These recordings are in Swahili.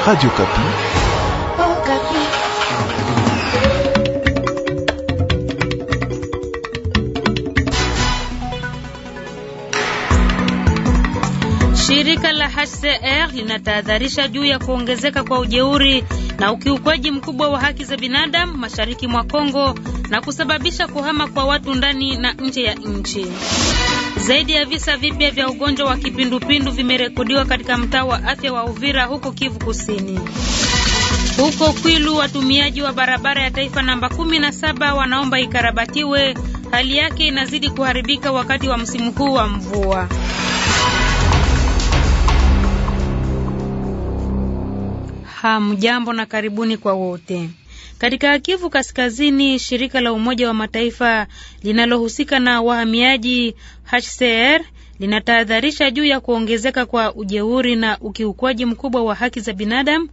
Radio Kapi. Oh, Kapi. Shirika la HCR linatahadharisha juu ya kuongezeka kwa ujeuri na ukiukwaji mkubwa wa haki za binadamu mashariki mwa Kongo na kusababisha kuhama kwa watu ndani na nje ya nchi. Zaidi ya visa vipya vya ugonjwa wa kipindupindu vimerekodiwa katika mtaa wa afya wa Uvira huko Kivu Kusini. Huko Kwilu, watumiaji wa barabara ya taifa namba 17 wanaomba ikarabatiwe, hali yake inazidi kuharibika wakati wa msimu huu wa mvua. Hamjambo na karibuni kwa wote. Katika Kivu Kaskazini, shirika la Umoja wa Mataifa linalohusika na wahamiaji HCR linatahadharisha juu ya kuongezeka kwa ujeuri na ukiukwaji mkubwa wa haki za binadamu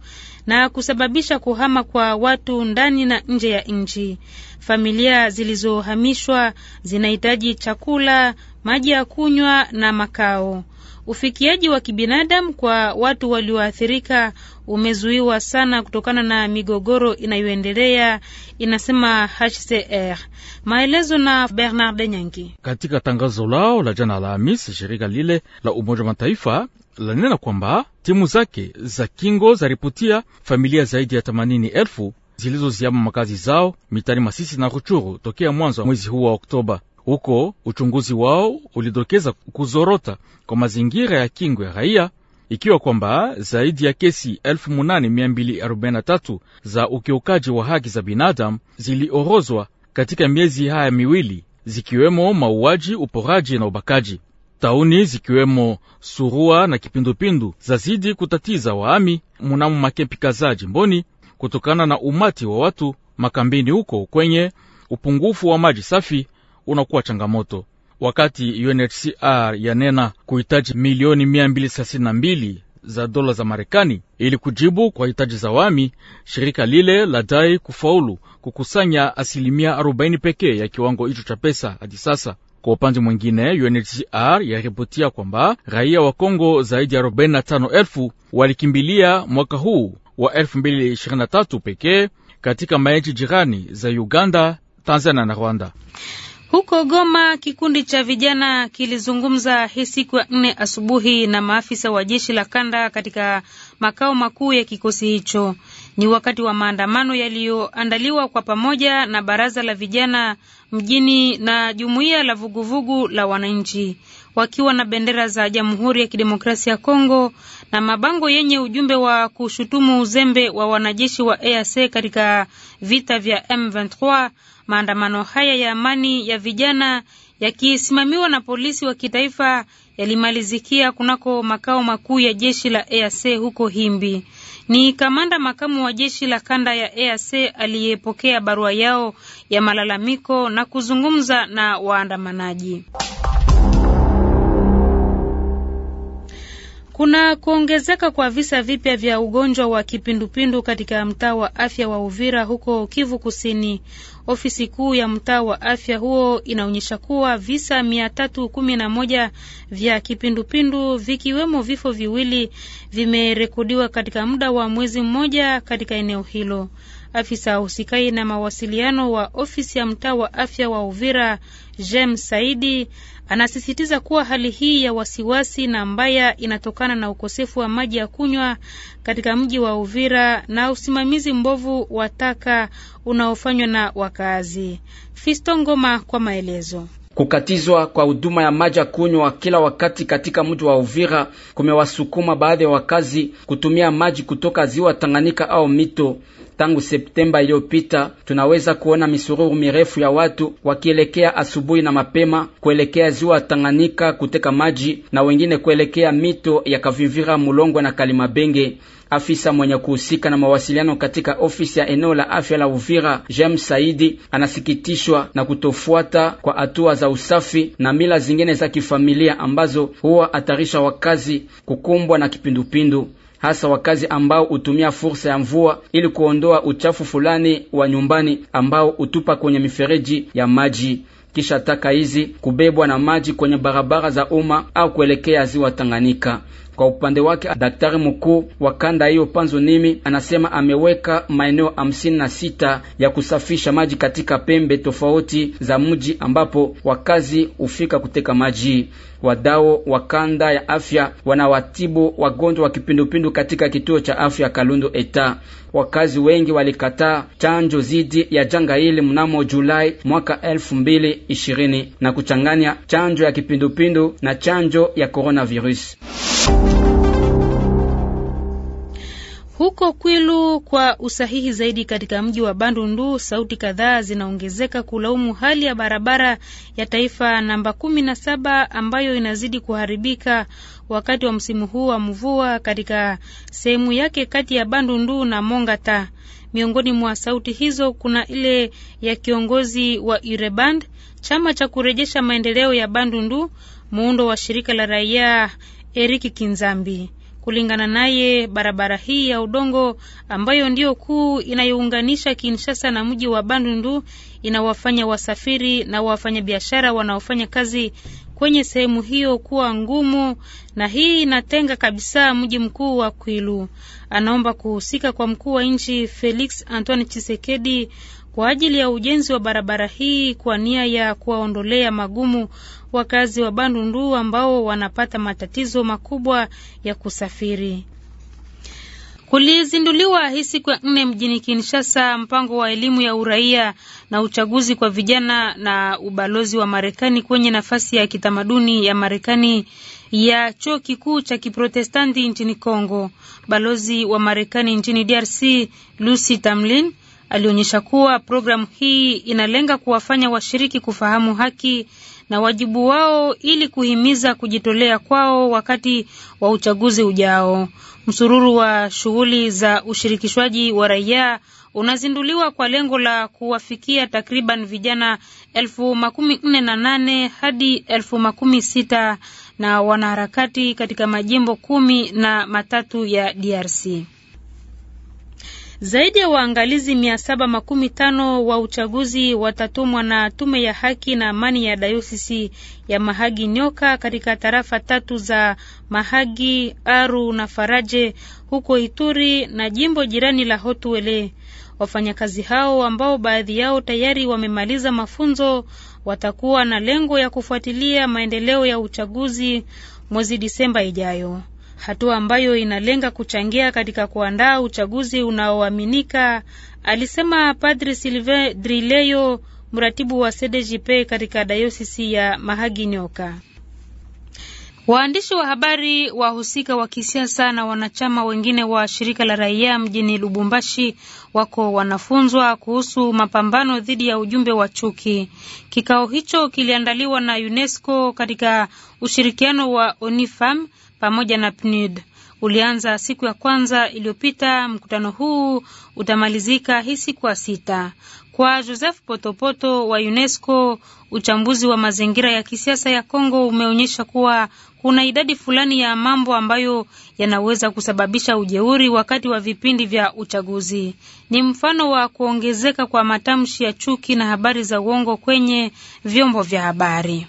na kusababisha kuhama kwa watu ndani na nje ya nchi. Familia zilizohamishwa zinahitaji chakula, maji ya kunywa na makao. Ufikiaji wa kibinadamu kwa watu walioathirika umezuiwa sana kutokana na migogoro inayoendelea, inasema HCR. Maelezo na Bernard Nyangi. Katika tangazo lao la jana Alhamisi, shirika lile la Umoja wa Mataifa lanena kwamba timu zake za kingo zaripotia familia zaidi ya 80 elfu zilizoziama makazi zao mitani Masisi na Ruchuru tokea mwanzo mwezi huu wa Oktoba. Huko uchunguzi wao ulidokeza kuzorota kwa mazingira ya kingo ya raia, ikiwa kwamba zaidi ya kesi 8243 za ukiukaji wa haki za binadamu ziliorozwa katika miezi haya miwili, zikiwemo mauaji, uporaji na ubakaji. Tauni zikiwemo surua na kipindupindu zazidi kutatiza waami mnamo makempi kadhaa jimboni kutokana na umati wa watu makambini huko kwenye upungufu wa maji safi unakuwa changamoto wakati UNHCR yanena kuhitaji milioni 232 za dola za Marekani ili kujibu kwa hitaji za wami. Shirika lile ladai kufaulu kukusanya asilimia 40 pekee ya kiwango hicho cha pesa hadi sasa. Kwa upande mwingine, UNHCR yaripotia kwamba raia wa Kongo zaidi ya 45,000 walikimbilia mwaka huu wa 2023 pekee katika maeji jirani za Uganda, Tanzania na Rwanda. Huko Goma, kikundi cha vijana kilizungumza hii siku ya nne asubuhi na maafisa wa jeshi la kanda katika makao makuu ya kikosi hicho. Ni wakati wa maandamano yaliyoandaliwa kwa pamoja na baraza la vijana mjini na jumuiya la vuguvugu la wananchi, wakiwa na bendera za Jamhuri ya Kidemokrasia ya Kongo na mabango yenye ujumbe wa kushutumu uzembe wa wanajeshi wa EAC katika vita vya M23. Maandamano haya ya amani ya vijana yakisimamiwa na polisi wa kitaifa yalimalizikia kunako makao makuu ya jeshi la EAC huko Himbi. Ni kamanda makamu wa jeshi la kanda ya EAC aliyepokea barua yao ya malalamiko na kuzungumza na waandamanaji. Kuna kuongezeka kwa visa vipya vya ugonjwa wa kipindupindu katika mtaa wa afya wa Uvira huko Kivu Kusini. Ofisi kuu ya mtaa wa afya huo inaonyesha kuwa visa mia tatu kumi na moja vya kipindupindu vikiwemo vifo viwili vimerekodiwa katika muda wa mwezi mmoja katika eneo hilo. Afisa husikai na mawasiliano wa ofisi ya mtaa wa afya wa Uvira Jem Saidi Anasisitiza kuwa hali hii ya wasiwasi na mbaya inatokana na ukosefu wa maji ya kunywa katika mji wa Uvira na usimamizi mbovu wa taka unaofanywa na wakaazi Fisto Ngoma kwa maelezo. Kukatizwa kwa huduma ya maji ya kunywa kila wakati katika mji wa Uvira kumewasukuma baadhi ya wakazi kutumia maji kutoka ziwa Tanganyika au mito. Tangu Septemba iliyopita tunaweza kuona misururu mirefu ya watu wakielekea asubuhi na mapema kuelekea ziwa Tanganyika kuteka maji na wengine kuelekea mito ya Kavivira, Mulongwe na Kalimabenge. Afisa mwenye kuhusika na mawasiliano katika ofisi ya eneo la afya la Uvira, James Saidi, anasikitishwa na kutofuata kwa hatua za usafi na mila zingine za kifamilia ambazo huwa hatarisha wakazi kukumbwa na kipindupindu hasa wakazi ambao hutumia fursa ya mvua ili kuondoa uchafu fulani wa nyumbani ambao hutupa kwenye mifereji ya maji. Kisha taka hizi kubebwa na maji kwenye barabara za umma au kuelekea ziwa Tanganyika. Kwa upande wake daktari mkuu wa kanda hiyo Panzo Nimi anasema ameweka maeneo hamsini na sita ya kusafisha maji katika pembe tofauti za mji ambapo wakazi hufika kuteka maji. Wadau wa kanda ya afya wanawatibu wagonjwa wa kipindupindu katika kituo cha afya Kalundu Eta. Wakazi wengi walikataa chanjo dhidi ya janga hili mnamo Julai mwaka elfu mbili ishirini na kuchanganya chanjo ya kipindupindu na chanjo ya coronavirus. Huko Kwilu kwa usahihi zaidi, katika mji wa Bandundu, sauti kadhaa zinaongezeka kulaumu hali ya barabara ya taifa namba kumi na saba ambayo inazidi kuharibika wakati wa msimu huu wa mvua katika sehemu yake kati ya Bandundu na Mongata. Miongoni mwa sauti hizo kuna ile ya kiongozi wa Ureband, chama cha kurejesha maendeleo ya Bandundu, muundo wa shirika la raia Eriki Kinzambi. Kulingana naye, barabara hii ya udongo ambayo ndio kuu inayounganisha Kinshasa na mji wa Bandundu inawafanya wasafiri na wafanyabiashara wanaofanya kazi kwenye sehemu hiyo kuwa ngumu, na hii inatenga kabisa mji mkuu wa Kwilu. Anaomba kuhusika kwa mkuu wa nchi Felix Antoine chisekedi kwa ajili ya ujenzi wa barabara hii kwa nia ya kuwaondolea magumu wakazi wa Bandundu ambao wanapata matatizo makubwa ya kusafiri. Kulizinduliwa hii siku ya nne mjini Kinshasa mpango wa elimu ya uraia na uchaguzi kwa vijana na ubalozi wa Marekani kwenye nafasi ya kitamaduni ya Marekani ya chuo kikuu cha Kiprotestanti nchini congo Balozi wa Marekani nchini DRC Lucy Tamlin Alionyesha kuwa programu hii inalenga kuwafanya washiriki kufahamu haki na wajibu wao ili kuhimiza kujitolea kwao wakati wa uchaguzi ujao. Msururu wa shughuli za ushirikishwaji wa raia unazinduliwa kwa lengo la kuwafikia takriban vijana elfu makumi nne na nane hadi elfu makumi sita na wanaharakati katika majimbo kumi na matatu ya DRC. Zaidi ya waangalizi mia saba makumi tano wa uchaguzi watatumwa na tume ya haki na amani ya dayosisi ya Mahagi Nyoka katika tarafa tatu za Mahagi, Aru na Faraje huko Ituri na jimbo jirani la Hotuele. Wafanyakazi hao ambao baadhi yao tayari wamemaliza mafunzo watakuwa na lengo ya kufuatilia maendeleo ya uchaguzi mwezi Disemba ijayo hatua ambayo inalenga kuchangia katika kuandaa uchaguzi unaoaminika, alisema Padri Sylvain Drileyo, mratibu wa CDJP katika dayosisi ya Mahagi Nyoka. Waandishi wa habari, wahusika wa kisiasa na wanachama wengine wa shirika la raia mjini Lubumbashi wako wanafunzwa kuhusu mapambano dhidi ya ujumbe wa chuki. Kikao hicho kiliandaliwa na UNESCO katika ushirikiano wa Onifam pamoja na PNUD ulianza siku ya kwanza iliyopita. Mkutano huu utamalizika hii siku ya sita. Kwa Joseph Potopoto wa UNESCO, uchambuzi wa mazingira ya kisiasa ya Kongo umeonyesha kuwa kuna idadi fulani ya mambo ambayo yanaweza kusababisha ujeuri wakati wa vipindi vya uchaguzi. Ni mfano wa kuongezeka kwa matamshi ya chuki na habari za uongo kwenye vyombo vya habari.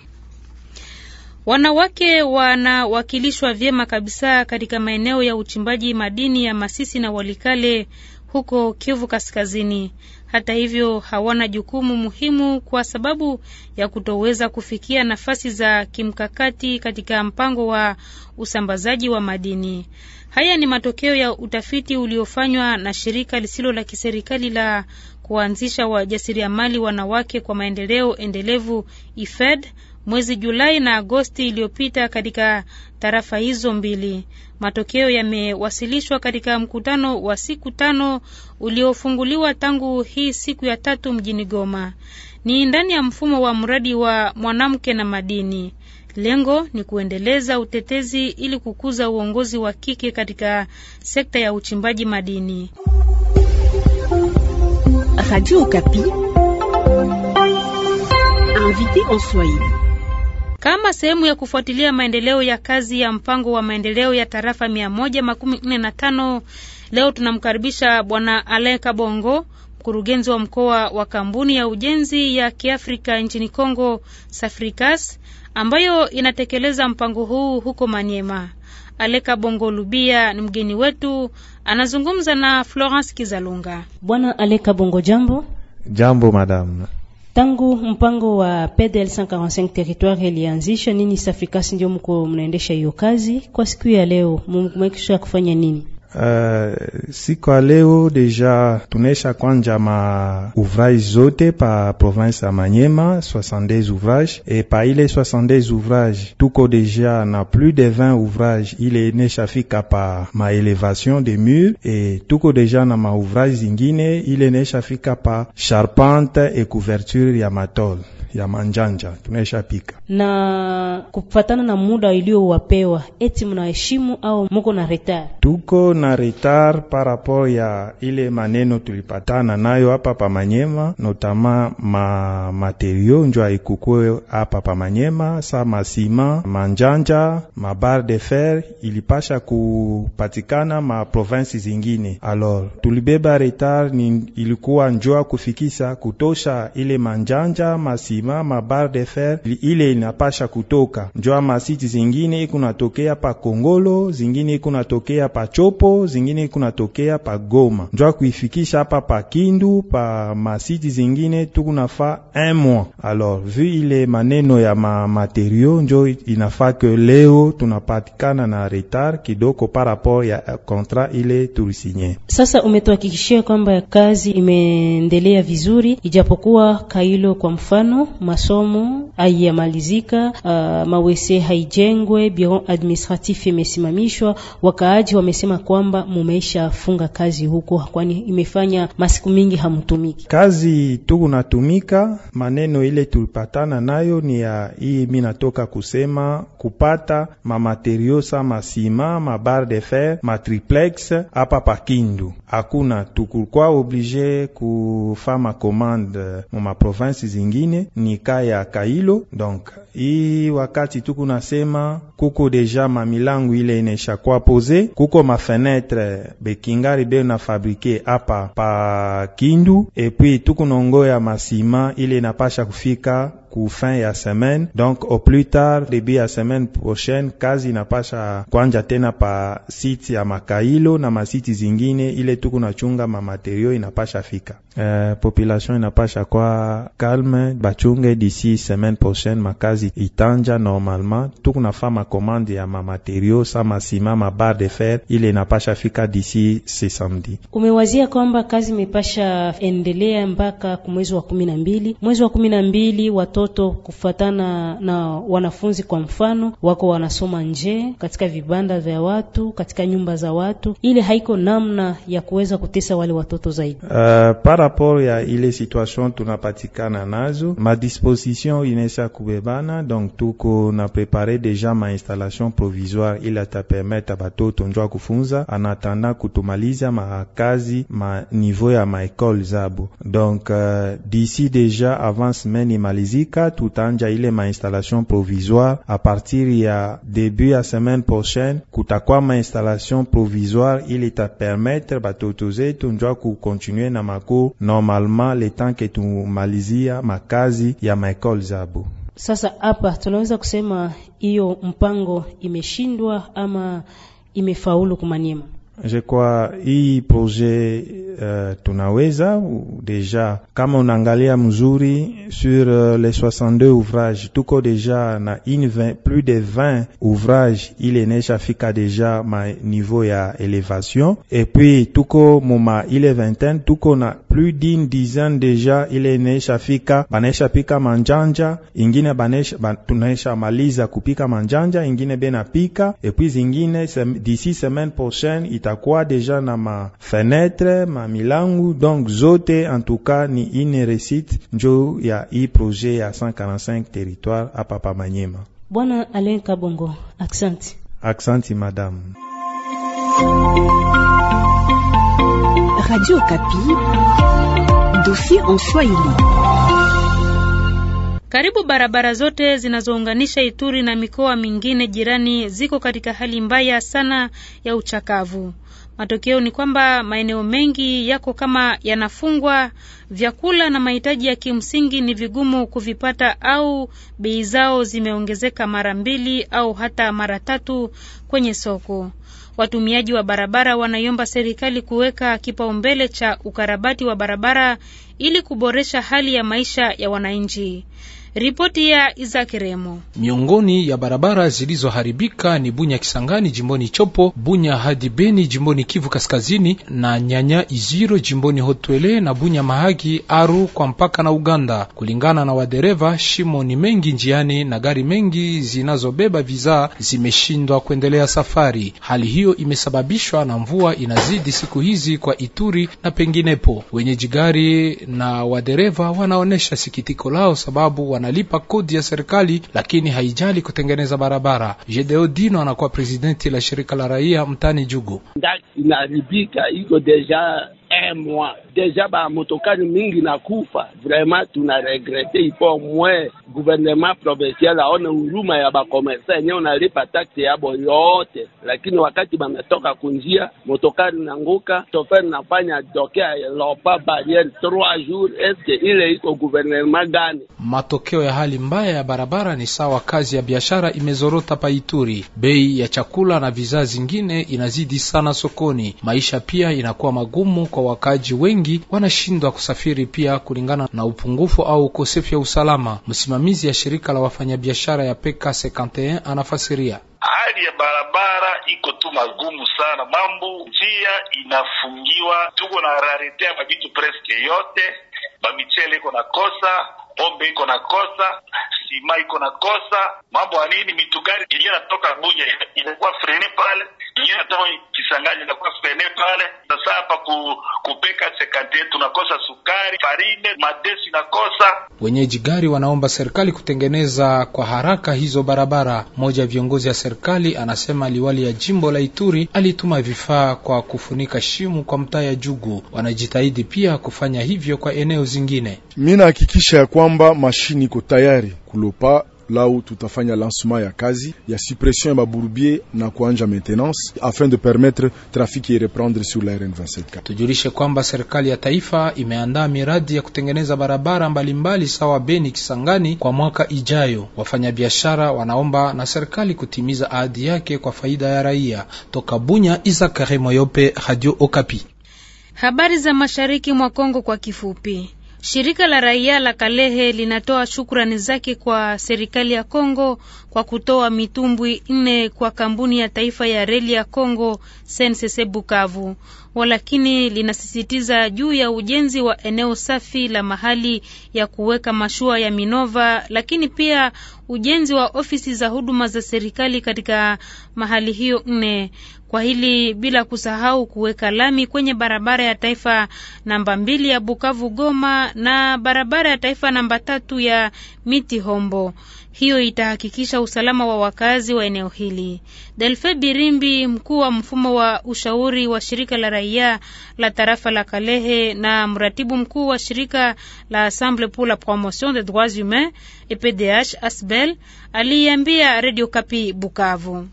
Wanawake wanawakilishwa vyema kabisa katika maeneo ya uchimbaji madini ya Masisi na Walikale huko Kivu Kaskazini. Hata hivyo, hawana jukumu muhimu kwa sababu ya kutoweza kufikia nafasi za kimkakati katika mpango wa usambazaji wa madini. Haya ni matokeo ya utafiti uliofanywa na shirika lisilo la kiserikali la kuanzisha wajasiriamali wanawake kwa maendeleo endelevu IFED mwezi Julai na Agosti iliyopita katika tarafa hizo mbili. Matokeo yamewasilishwa katika mkutano wa siku tano uliofunguliwa tangu hii siku ya tatu mjini Goma. Ni ndani ya mfumo wa mradi wa mwanamke na madini. Lengo ni kuendeleza utetezi ili kukuza uongozi wa kike katika sekta ya uchimbaji madini. Radio Okapi. Invité en Swahili. Kama sehemu ya kufuatilia maendeleo ya kazi ya mpango wa maendeleo ya tarafa 145 leo tunamkaribisha Bwana Alain Kabongo, mkurugenzi wa mkoa wa kampuni ya ujenzi ya Kiafrika nchini Kongo, safrikas ambayo inatekeleza mpango huu huko Maniema. Aleka Bongo Lubia ni mgeni wetu, anazungumza na Florence Kizalunga. Bwana Aleka Bongo, jambo. Jambo madam. Tangu mpango wa PDL 145 territoire ilianzisha, nini safikasi ndio mko mnaendesha hiyo kazi? Kwa siku ya leo mmekwisha kufanya nini? si euh, siku leo deja tunesha kwanja ma ouvrage zote pa province ya Manyema 72 ouvrages. e pa ile 72 ouvrages, tuko déjà na plus de 20 ouvrages ile neshafika pa ma elevation de mur e tuko deja na ma ouvrage zingine ile neshafika pa charpente e couverture ya ya manjanja tunaishapika. Na kufatana na muda iliyowapewa, eti mnaheshimu au muko na retard? Tuko na retard parapo ya ile maneno tulipatana nayo hapa pa Manyema, notama ma materio njo haikukwe hapa pa Manyema, sa masima manjanja mabar de fer ilipasha kupatikana ma provinsi zingine. Alors tulibeba retard ni ilikuwa njoa kufikisa kutosha ile manjanja masi ma bar de fer ile inapasha kutoka ama siti zingine ikunatokea pa Kongolo, zingine ikunatokea pa Chopo, zingine ikunatokea pa Goma, njo kuifikisha hapa pa Kindu pa masiti zingine tukunafa un mois. Alors vu ile maneno ya ma materio njo inafaa ke leo tunapatikana na retard kidoko par rapport ya contrat ile tulisinye. Sasa umetuhakikishia kwamba kazi imeendelea vizuri, ijapokuwa Kailo kwa mfano masomo haiyamalizika, uh, mawese haijengwe, biro administratif imesimamishwa. Wakaaji wamesema kwamba mumeisha funga kazi huko, kwani imefanya masiku mingi hamtumiki kazi. Tukunatumika maneno ile tulipatana nayo ni ya hii, mi natoka kusema kupata mamaterio sa masima mabar de fer matriplex hapa Pakindu hakuna, tukukwa oblige kufama komande uh, mu maprovinsi zingine ni kaya ya Kailo. Donc hii wakati tuku kunasema kuko deja mamilangu ile inesha kwa pose, kuko mafenetre bekingari be na fabrike apa pa Kindu, tuku epui ya masima ile inapasha kufika ku fin ya semaine donc au plus tard début ya semaine prochaine kazi inapasha kwanja tena pa site ya Makailo na masiti zingine ile tuku nachunga mamaterio inapasha fika. Eh, population inapasha kwa calme bachunge d'ici semaine prochaine makazi itanja normalement, tuku nafa makomande ya ma materio sa masima bar de fer ile inapasha fika d'ici ce samedi. Umewazia kwamba kazi imepasha endelea mpaka kumwezi wa 12, mwezi wa 12 watu watoto kufatana na wanafunzi. Kwa mfano, wako wanasoma nje katika vibanda vya watu, katika nyumba za watu, ile haiko namna ya kuweza kutesa wale watoto zaidi. Uh, par rapport ya ile situation tunapatikana nazo, ma disposition inaisha kubebana, donc tuko na prepare deja ma installation provisoire ili atapermeta batoto njwa kufunza anatanda kutumaliza makazi ma niveau ya maekole zabo, donc uh, d'ici deja avant semaine imalizika syndicat tout est ile mainstallation provisoire à partir ya début ya semaine prochaine kutakuwa mainstallation provisoire ili itapermettre batoto zetu njwa kukontinue na maku normalement le temps que tumalizia makazi ya maekole zabo sasa hapa tunaweza kusema hiyo mpango imeshindwa ama imefaulu kumanyema je crois hii projet euh, tunaweza deja, kama unaangalia mzuri sur euh, les 62 ouvrages tuko deja na 20, plus de 20 ouvrages ile né fika déjà ma niveau ya élévation. et puis tuko muma ile vingtaine tuko na plus d'une dizaine deja ile né, fika banesha pika manjanja ingine banesha ban, tunaisha maliza kupika manjanja ingine pika. et puis ingine d'ici semaine prochaine déjà dans ma na ma mamilangu donc zote en tout cas ni ine jo ya projet à 145 territoires à papa Manyema. Bwana Alain Kabongo, Accent. Accent, madame. Radio Kapi, dossier en Swahili. Karibu barabara zote zinazounganisha Ituri na mikoa mingine jirani ziko katika hali mbaya sana ya uchakavu. Matokeo ni kwamba maeneo mengi yako kama yanafungwa, vyakula na mahitaji ya kimsingi ni vigumu kuvipata au bei zao zimeongezeka mara mbili au hata mara tatu kwenye soko. Watumiaji wa barabara wanaiomba serikali kuweka kipaumbele cha ukarabati wa barabara ili kuboresha hali ya maisha ya wananchi. Ripoti ya Isaac Remo. Miongoni ya barabara zilizoharibika ni Bunya Kisangani jimboni Chopo, Bunya hadi Beni jimboni Kivu Kaskazini, na Nyanya Iziro jimboni Hotwele na Bunya Mahagi Aru kwa mpaka na Uganda. Kulingana na wadereva, shimo ni mengi njiani na gari mengi zinazobeba vizaa zimeshindwa kuendelea safari. Hali hiyo imesababishwa na mvua inazidi siku hizi kwa Ituri na penginepo. Wenyeji gari na wadereva wanaonyesha sikitiko lao sababu wanalipa kodi ya serikali, lakini haijali kutengeneza barabara. Jedeo Dino anakuwa presidenti la shirika la raia mtani Jugu. Inaribika iko deja mwa deja ba motokari mingi nakufa, vraiment tunaregrete ipo mwe guvernema provincial aone huruma ya bakomersa yenyewe unalipa taksi yabo yote, lakini wakati bametoka kunjia, motokari na nguka sofer nafanya doke lopa bariere trois jours, eske ile iko guvernema gani? Matokeo ya hali mbaya ya barabara ni sawa, kazi ya biashara imezorota paituri, bei ya chakula na vizaa zingine inazidi sana sokoni, maisha pia inakuwa magumu kwa wakaji wengi, wanashindwa kusafiri pia kulingana na upungufu au ukosefu ya usalama Msima msimamizi ya shirika la wafanyabiashara ya PK 51 anafasiria hali ya barabara iko tu magumu sana, mambo njia inafungiwa, tuko na rarete ya mabitu preske yote, bamichele iko na kosa, pombe iko na kosa sima iko na kosa mambo ya nini, mitugari yenyewe natoka Bunya inakuwa frene pale, yenyewe natoka Kisangani inakuwa frene pale. Sasa hapa ku, kupeka sekante tunakosa sukari, farine, madesi nakosa. Wenyeji gari wanaomba serikali kutengeneza kwa haraka hizo barabara. Mmoja ya viongozi ya serikali anasema liwali ya jimbo la Ituri alituma vifaa kwa kufunika shimu kwa mtaa ya Jugu. Wanajitahidi pia kufanya hivyo kwa eneo zingine. Mimi nahakikisha ya kwamba mashini iko tayari Kulopa lao tutafanya lancement ya kazi ya suppression ya maburubie na kuanja maintenance afin de permettre trafiki reprendre sur la RN 27. Tujulishe kwamba serikali ya taifa imeandaa miradi ya kutengeneza barabara mbalimbali mbali sawa Beni Kisangani kwa mwaka ijayo. Wafanyabiashara wanaomba na serikali kutimiza ahadi yake kwa faida ya raia. Toka Bunya, Isakare Moyope, Radio Okapi. Habari za mashariki mwa Kongo kwa kifupi. Shirika la raia la Kalehe linatoa shukrani zake kwa serikali ya Kongo kwa kutoa mitumbwi nne kwa kampuni ya taifa ya reli ya Kongo SNCC Bukavu, walakini linasisitiza juu ya ujenzi wa eneo safi la mahali ya kuweka mashua ya Minova, lakini pia ujenzi wa ofisi za huduma za serikali katika mahali hiyo nne kwa hili bila kusahau kuweka lami kwenye barabara ya taifa namba mbili ya Bukavu Goma na barabara ya taifa namba tatu ya Miti Hombo. Hiyo itahakikisha usalama wa wakazi wa eneo hili. Delfe Birimbi, mkuu wa mfumo wa ushauri wa shirika la raia la tarafa la Kalehe na mratibu mkuu wa shirika la Assemble pour la promotion des droits humains EPDH ASBEL, aliiambia Radio Kapi Bukavu.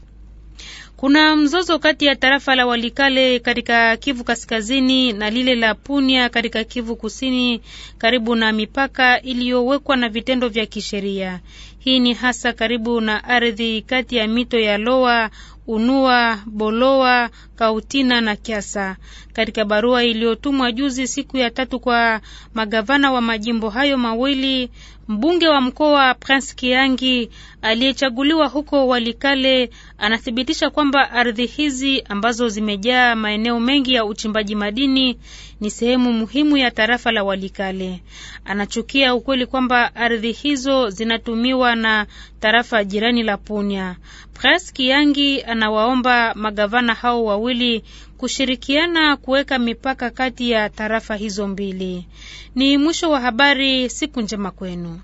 Kuna mzozo kati ya tarafa la Walikale katika Kivu Kaskazini na lile la Punia katika Kivu Kusini karibu na mipaka iliyowekwa na vitendo vya kisheria. Hii ni hasa karibu na ardhi kati ya mito ya Loa, Unua, Boloa, Kautina na Kiasa. Katika barua iliyotumwa juzi siku ya tatu kwa magavana wa majimbo hayo mawili, mbunge wa mkoa Prince Kiangi aliyechaguliwa huko Walikale anathibitisha kwamba ardhi hizi ambazo zimejaa maeneo mengi ya uchimbaji madini ni sehemu muhimu ya tarafa la Walikale. Anachukia ukweli kwamba ardhi hizo zinatumiwa na tarafa jirani la Punya. Prince Kiangi anawaomba magavana hao wawili wawili kushirikiana kuweka mipaka kati ya tarafa hizo mbili. Ni mwisho wa habari. Siku njema kwenu.